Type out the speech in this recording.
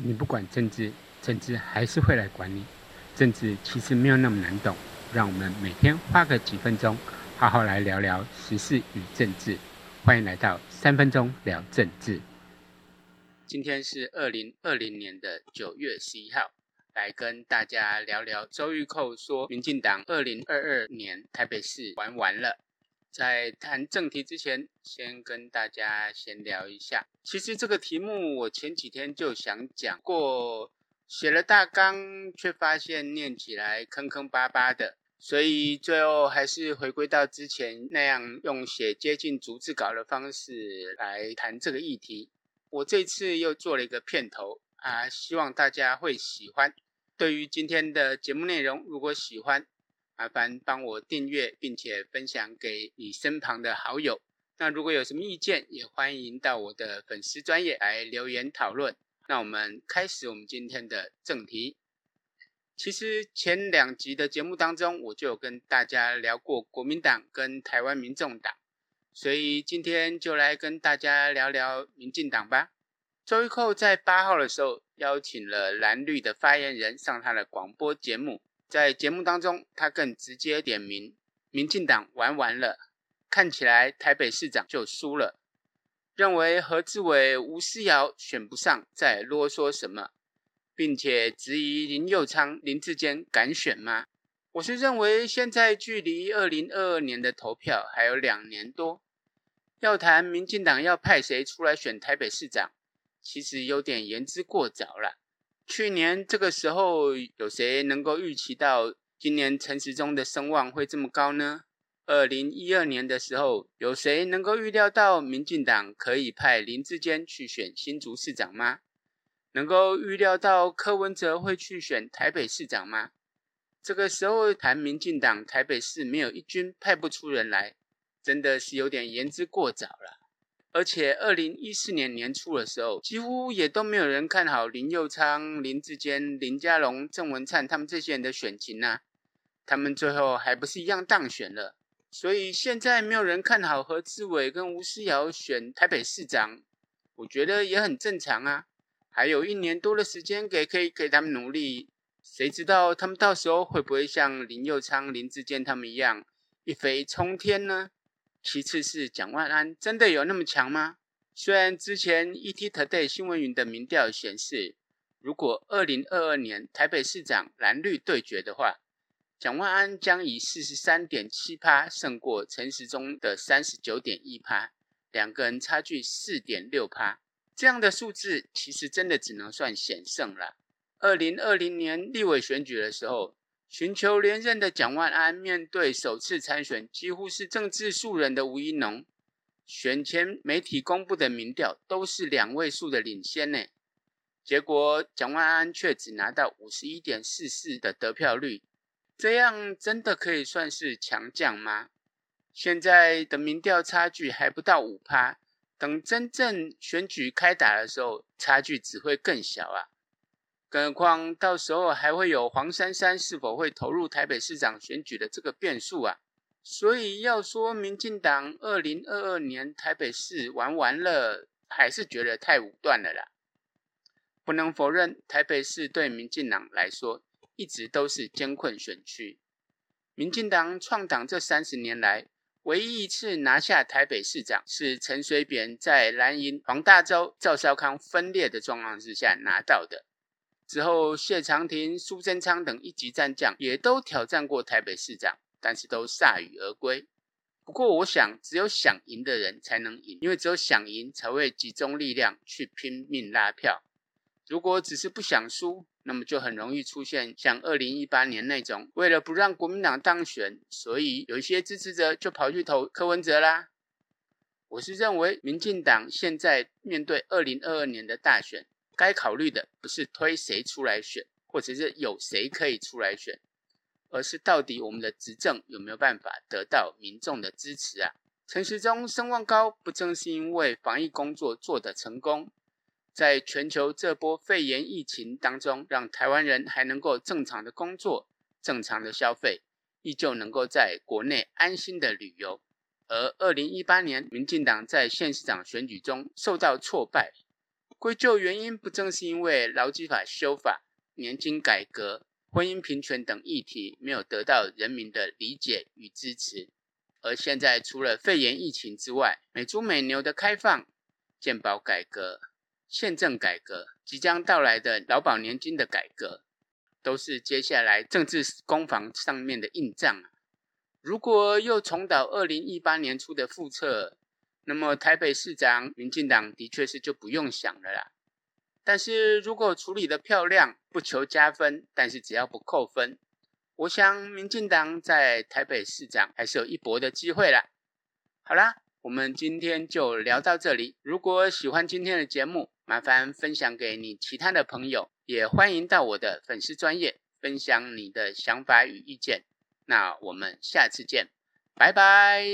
你不管政治，政治還是會來管你。政治其實沒有那麼難懂，讓我們每天花個幾分鐘，好好來聊聊時事與政治。歡迎來到三分鐘聊政治。今天是二零二零年的九月十一號，來跟大家聊聊周玉蔻說，民進黨二零二二年台北市玩完了。在談正題之前，先跟大家閒聊一下。其實這個題目我前幾天就想講過，寫了大綱，卻發現唸起來坑坑巴巴的，所以最後還是回歸到之前那樣用寫接近逐字稿的方式來談這個議題。我這一次又做了一個片頭啊，希望大家會喜歡。對於今天的節目內容，如果喜歡，麻煩幫我訂閱，並且分享給你身旁的好友。那如果有什麼意見，也歡迎到我的粉絲專頁來留言討論。那我們開始我們今天的正題。其實前兩集的節目當中，我就有跟大家聊過國民黨跟台灣民眾黨，所以今天就來跟大家聊聊民進黨吧。周玉蔻在八號的時候，邀請了藍綠的發言人上他的廣播節目。在節目當中，他更直接點名，民進黨玩完了，看起來台北市長就輸了，認為何志偉、吳思瑤選不上，在囉嗦什麼，並且質疑林右昌、林智堅敢選嗎？我是認為現在距離二零二二年的投票還有兩年多，要談民進黨要派誰出來選台北市長，其實有點言之過早了。去年這個時候，有誰能夠預期到今年陳時中的聲望會這麼高呢？二零一二年的時候，有誰能夠預料到民進黨可以派林智堅去選新竹市長嗎？能夠預料到柯文哲會去選台北市長嗎？這個時候談民進黨台北市沒有一軍派不出人來，真的是有點言之過早了。而且，二零一四年年初的時候，幾乎也都沒有人看好林右昌、林智堅、林佳龍、鄭文燦他們這些人的選情呢，啊。他們最後還不是一樣當選了。所以現在沒有人看好何志偉跟吳思瑤選台北市長，我覺得也很正常啊。還有一年多的時間給可以給他們努力，誰知道他們到時候會不會像林右昌、林智堅他們一樣一飛沖天呢？其次是蔣萬安，真的有那麼強嗎？雖然之前 ETtoday 新聞雲的民調顯示，如果2022年台北市長藍綠對決的話，蔣萬安將以43.7%勝過陳時中的39.1%，兩個人差距4.6%。這樣的數字其實真的只能算險勝了。2020年立委選舉的時候，尋求連任的蔣萬安面對首次參選、幾乎是政治素人的吳怡農，選前媒體公布的民調都是兩位數的領先呢。結果蔣萬安卻只拿到五十一點四四的得票率，這樣真的可以算是強將嗎？現在的民調差距還不到五趴，等真正選舉開打的時候，差距只會更小啊。更何況，到時候還會有黃珊珊是否會投入台北市長選舉的這個變數啊！所以要說民進黨二零二二年台北市玩完了，還是覺得太武斷了啦。不能否認，台北市對民進黨來說一直都是艱困選區。民進黨創黨這三十年來，唯一一次拿下台北市長是陳水扁在藍營、黃大洲、趙少康分裂的狀況之下拿到的。之後，謝長廷、蘇貞昌等一級戰將也都挑戰過台北市長，但是都鎩羽而歸。不過，我想只有想贏的人才能贏，因為只有想贏才會集中力量去拼命拉票。如果只是不想輸，那麼就很容易出現像二零一八年那種，為了不讓國民黨當選，所以有一些支持者就跑去投柯文哲啦。我是認為，民進黨現在面對二零二二年的大選。該考慮的不是推誰出來選，或者是有誰可以出來選，而是到底我們的執政有沒有辦法得到民眾的支持啊？陳時中聲望高，不正是因為防疫工作做得成功，在全球這波肺炎疫情當中，讓台灣人還能夠正常的工作、正常的消費，依舊能夠在國內安心的旅遊。而二零一八年民進黨在縣市長選舉中受到挫敗。歸咎原因不正是因為勞基法修法、年金改革、婚姻平權等議題沒有得到人民的理解與支持？而現在除了肺炎疫情之外，美豬美牛的開放、健保改革、憲政改革、即將到來的勞保年金的改革，都是接下來政治攻防上面的硬仗啊。如果又重蹈二零一八年初的覆轍，那麼台北市長，民進黨的確是就不用想了啦。但是如果處理得漂亮，不求加分，但是只要不扣分，我想民進黨在台北市長還是有一搏的機會啦。好啦，我們今天就聊到這裡。如果喜歡今天的節目，麻煩分享給你其他的朋友，也歡迎到我的粉絲專頁分享你的想法與意見。那我們下次見，拜拜。